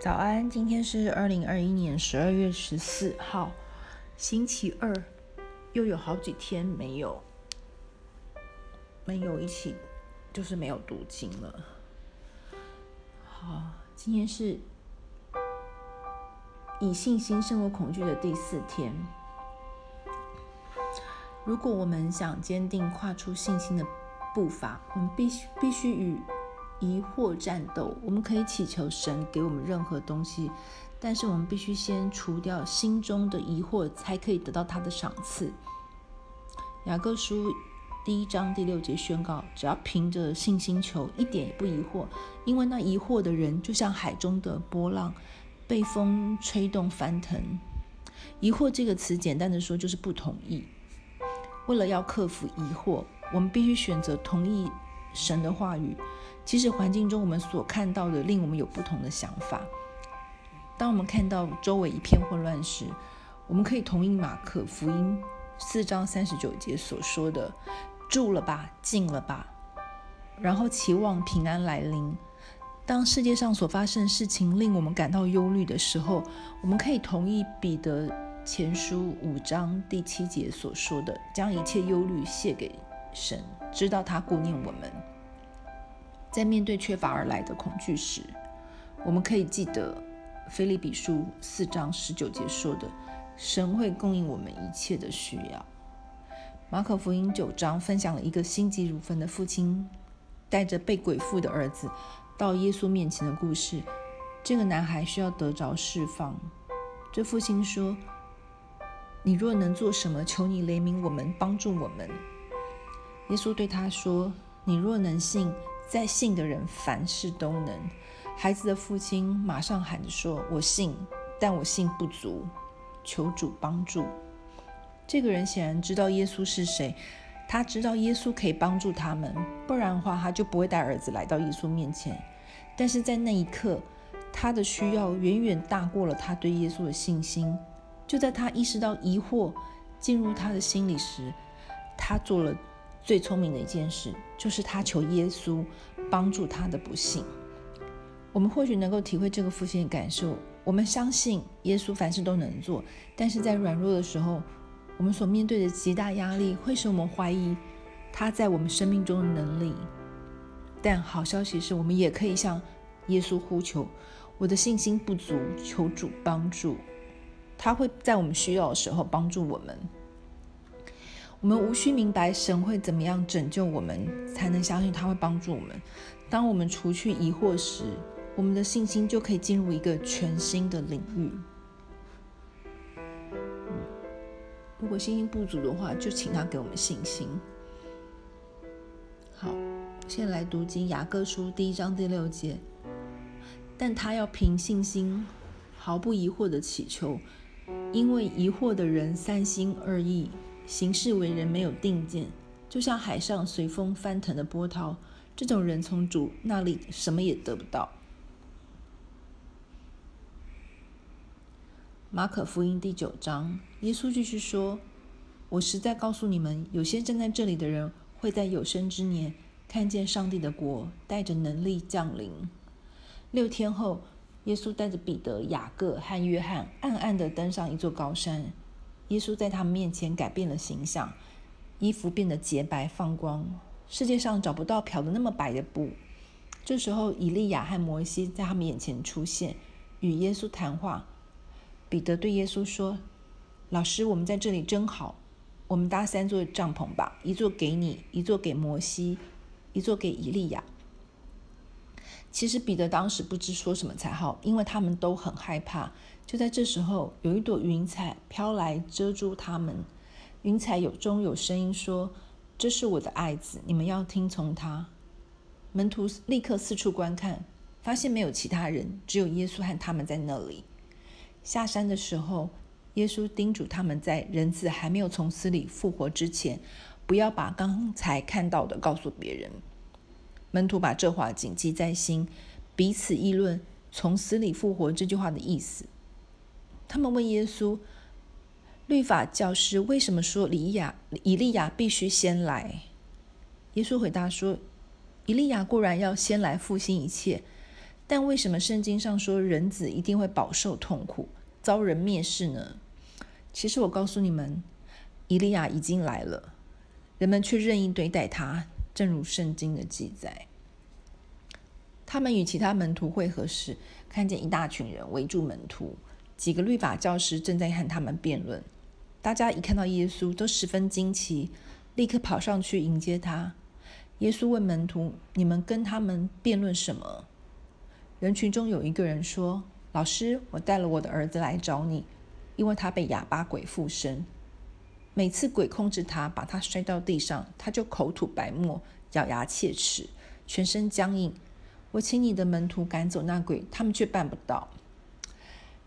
早安，今天是二零二一年十二月十四號，星期二，又有好幾天沒有沒有一起，就是沒有讀經了。好，今天是以信心勝過恐懼的第四天。如果我們想堅定跨出信心的步伐，我們必須必須與疑惑戰鬥，我們可以祈求神給我們任何東西，但是我們必須先除掉心中的疑惑，才可以得到他的賞賜。雅各書第一章第六節宣告：只要憑着信心求，一點也不疑惑，因為那疑惑的人就像海中的波浪，被風吹動翻騰。疑惑這個詞簡單的說就是不同意。為了要克服疑惑，我們必須選擇同意神的話語。即使環境中我們所看到的令我們有不同的想法。當我們看到周圍一片混亂時，我們可以同意馬可福音四章三十九節所說的：“住了吧，靜了吧。”然後期望平安來臨。當世界上所發生的事情令我們感到憂慮的時候，我們可以同意彼得前書五章第七節所說的：“將一切憂慮卸給神，知道他顧念我們。”在面對缺乏而來的恐懼時，我們可以記得《腓立比書》四章十九節說的：“神會供應我們一切的需要。”《馬可福音》九章分享了一個心急如焚的父親帶着被鬼附的兒子到耶穌面前的故事。這個男孩需要得着釋放。這父親說：“你若能做什麼，求你憐憫我們，幫助我們。”耶穌對他說：“你若能信。”在信的人，凡事都能。孩子的父親馬上喊着說：“我信，但我信不足，求主幫助。”這個人顯然知道耶穌是誰，他知道耶穌可以幫助他們，不然的話，他就不會帶兒子來到耶穌面前。但是在那一刻，他的需要遠遠大過了他對耶穌的信心。就在他意識到疑惑進入他的心裡時，他做了。最聰明的一件事，就是他求耶穌幫助他的不信。我們或許能夠體會這個父親的感受。我們相信耶穌凡事都能做，但是在軟弱的時候，我們所面對的極大壓力會使我們懷疑他在我們生命中的能力。但好消息是，我們也可以向耶穌呼求：我的信心不足，求主幫助。他會在我們需要的時候幫助我們。我們無需明白神會怎麼樣拯救我們，才能相信他會幫助我們。當我們除去疑惑時，我們的信心就可以進入一個全新的領域。嗯，如果信心不足的話，就請他給我們信心。好，現在來讀經雅各書第一章第六節。但他要憑信心，毫不疑惑地祈求，因為疑惑的人三心二意。行事為人沒有定見，就像海上隨風翻騰的波濤。這種人從主那裡什麼也得不到。馬可福音第九章，耶穌繼續說：“我實在告訴你們，有些站在這裡的人會在有生之年看見上帝的國帶着能力降臨。”六天後，耶穌帶着彼得、雅各和約翰，暗暗地登上一座高山。耶穌在他們面前改變了形象，衣服變得潔白放光，世界上找不到漂得那麼白的布。這時候，以利亞和摩西在他們眼前出現，與耶穌談話。彼得對耶穌說：“老師，我們在這裡真好，我們搭三座帳篷吧，一座給你，一座給摩西，一座給以利亞。”其實彼得當時不知說什麼才好，因為他們都很害怕。就在這時候，有一朵雲彩飄來，遮住他們。雲彩有中有聲音說：“這是我的愛子，你們要聽從他。”門徒立刻四處觀看，發現沒有其他人，只有耶穌和他們在那裡。下山的時候，耶穌叮囑他們在人子還沒有從死裡復活之前，不要把剛才看到的告訴別人。門徒把這話謹記在心，彼此議論“從死裡復活”這句話的意思。他們問耶穌：“律法教師為什麼說以利亞以利亞必須先來？”耶穌回答說：“以利亞固然要先來復興一切，但為什麼聖經上說人子一定會飽受痛苦、遭人蔑視呢？”其實，我告訴你們，以利亞已經來了，人們卻任意對待他。正如聖經的記載，他們與其他門徒會合時，看見一大群人圍住門徒，幾個律法教師正在和他們辯論。大家一看到耶穌都十分驚奇，立刻跑上去迎接他。耶穌問門徒：“你們跟他們辯論什麼？”人群中有一個人說：“老師，我帶了我的兒子來找你，因為他被啞巴鬼附身。”每次鬼控制他，把他摔到地上，他就口吐白沫，咬牙切齒，全身僵硬。我請你的門徒趕走那鬼，他們卻辦不到。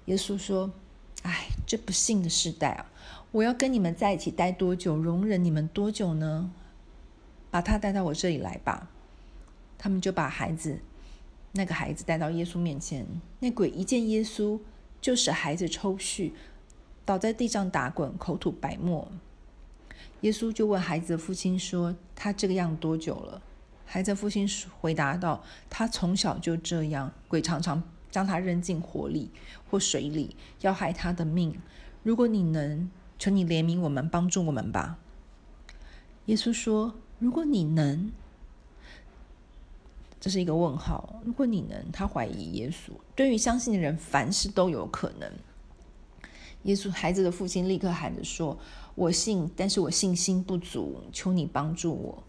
耶穌說：“唉，這不幸的世代啊！我要跟你們在一起待多久，容忍你們多久呢？”把他帶到我這裡來吧。他們就把孩子，那個孩子帶到耶穌面前。那鬼一見耶穌，就使孩子抽搐。倒在地上打滾，口吐白沫。耶穌就問孩子的父親說：“他這個樣多久了？”孩子父親回答道：“他從小就這樣，鬼常常將他扔進火裡或水裡，要害他的命。如果你能，求你憐憫我們，幫助我們吧。”耶穌說：“如果你能，這是一個問號。如果你能，他懷疑耶穌。對於相信的人，凡事都有可能。”耶穌孩子的父親立刻喊着說：“我信，但是我信心不足，求你幫助我。”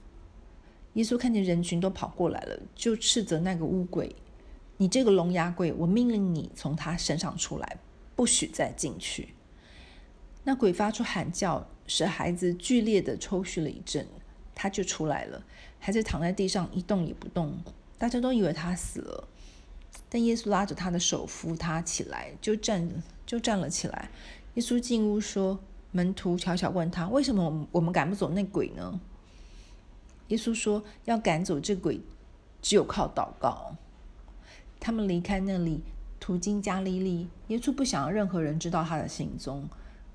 耶穌看見人群都跑過來了，就斥責那個汙鬼：“你這個聾啞鬼，我命令你從他身上出來，不許再進去。”那鬼發出喊叫，使孩子劇烈的抽搐了一陣，他就出來了，孩子躺在地上一動也不動，大家都以為他死了。但耶穌拉着他的手扶他起來，就站就站了起來。耶穌進屋說，門徒悄悄問他：“為什麼我我們趕不走那鬼呢？”耶穌說：“要趕走這鬼，只有靠禱告。”他們離開那裡，途經加利利。耶穌不想讓任何人知道他的行蹤，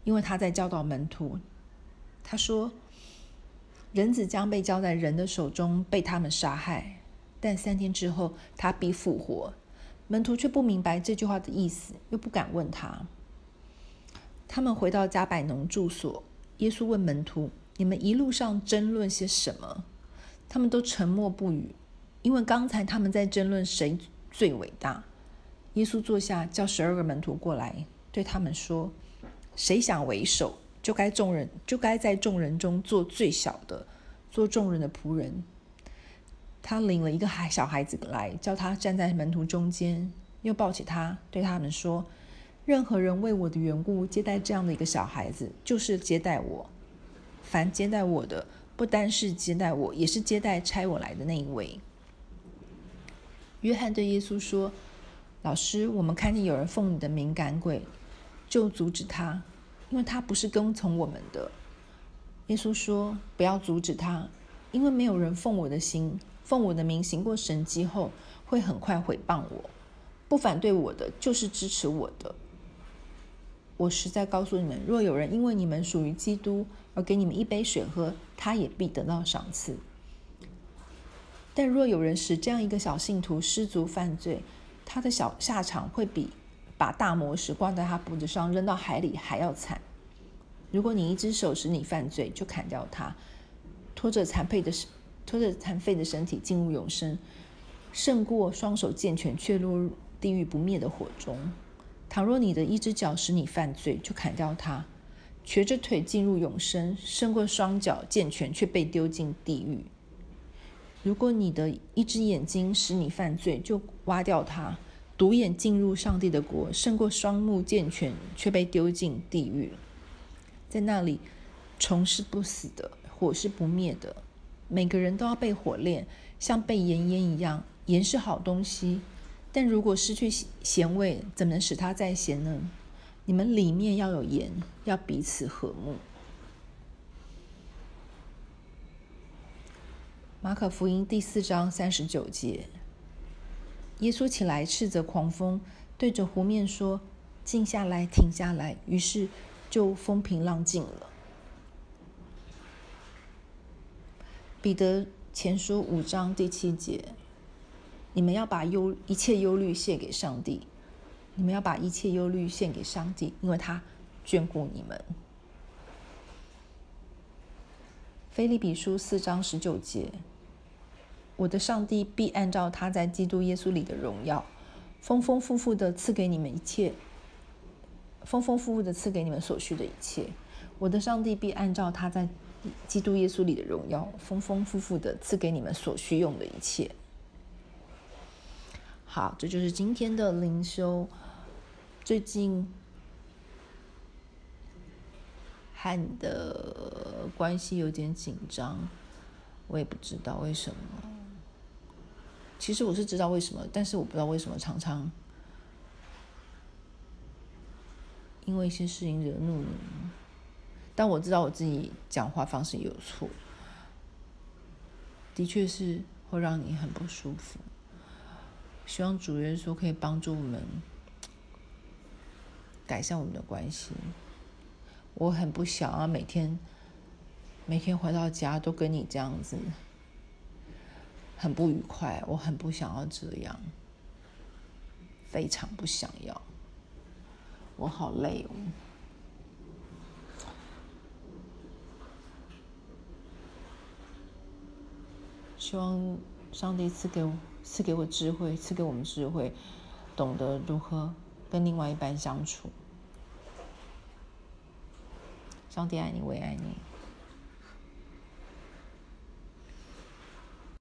因為他在教導門徒。他說：“人子將被交在人的手中，被他們殺害，但三天之後，他必復活。”門徒卻不明白這句話的意思，又不敢問他。他們回到加百農住所，耶穌問門徒：“你們一路上爭論些什麼？”他們都沉默不語，因為剛才他們在爭論誰最偉大。耶穌坐下，叫十二個門徒過來，對他們說：“誰想為首，就該眾人，就該在眾人中做最小的，做眾人的僕人。”他領了一個孩小孩子來，叫他站在門徒中間，又抱起他，對他們說：“任何人為我的緣故接待這樣的一個小孩子，就是接待我。凡接待我的，不單是接待我，也是接待差我來的那一位。”約翰對耶穌說：“老師，我們看見有人奉你的名趕鬼，就阻止他，因為他不是跟從我們的。”耶穌說：“不要阻止他，因為沒有人奉我的心。”奉我的名行過神蹟後，會很快毀謗我；不反對我的，就是支持我的。我實在告訴你們：若有人因為你們屬於基督而給你們一杯水喝，他也必得到賞賜。但若有人使這樣一個小信徒失足犯罪，他的小下場會比把大磨石掛在他脖子上扔到海裡還要慘。如果你一只手使你犯罪，就砍掉他，拖着殘廢的拖着殘廢的身體進入永生，勝過雙手健全卻落入地獄不滅的火中。倘若你的一隻腳使你犯罪，就砍掉它；瘸着腿進入永生，勝過雙腳健全卻被丟進地獄。如果你的一隻眼睛使你犯罪，就挖掉它；獨眼進入上帝的國，勝過雙目健全卻被丟進地獄。在那裡，蟲是不死的，火是不滅的。每個人都要被火煉，像被鹽醃一樣。鹽是好東西，但如果失去鹹味，怎麼能使它再鹹呢？你們裡面要有鹽，要彼此和睦。馬可福音第四章三十九節，耶穌起來斥責狂風，對着湖面說：“靜下來，停下來。”於是就風平浪靜了。彼得前書五章第七節：你們要把憂一切憂慮獻給上帝，你們要把一切憂慮獻給上帝，因為他眷顧你們。腓立比書四章十九節：我的上帝必按照他在基督耶穌裡的榮耀，豐豐富富的賜給你們一切，豐豐富富的賜給你們所需的一切。我的上帝必按照他在基督耶穌裡的榮耀，豐豐富富的賜給你們所需用的一切。好，這就是今天的靈修。最近和你的關係有點緊張，我也不知道為什麼。其實我是知道為什麼，但是我不知道為什麼常常因為一些事情惹怒你。但我知道我自己講話方式有錯，的確是會讓你很不舒服。希望主耶穌可以幫助我們改善我們的關係。我很不想要每天每天回到家都跟你這樣子，很不愉快。我很不想要這樣，非常不想要。我好累哦。希望上帝賜給我，賜給我智慧，賜給我們智慧，懂得如何跟另外一半相處。上帝愛你，我也愛你。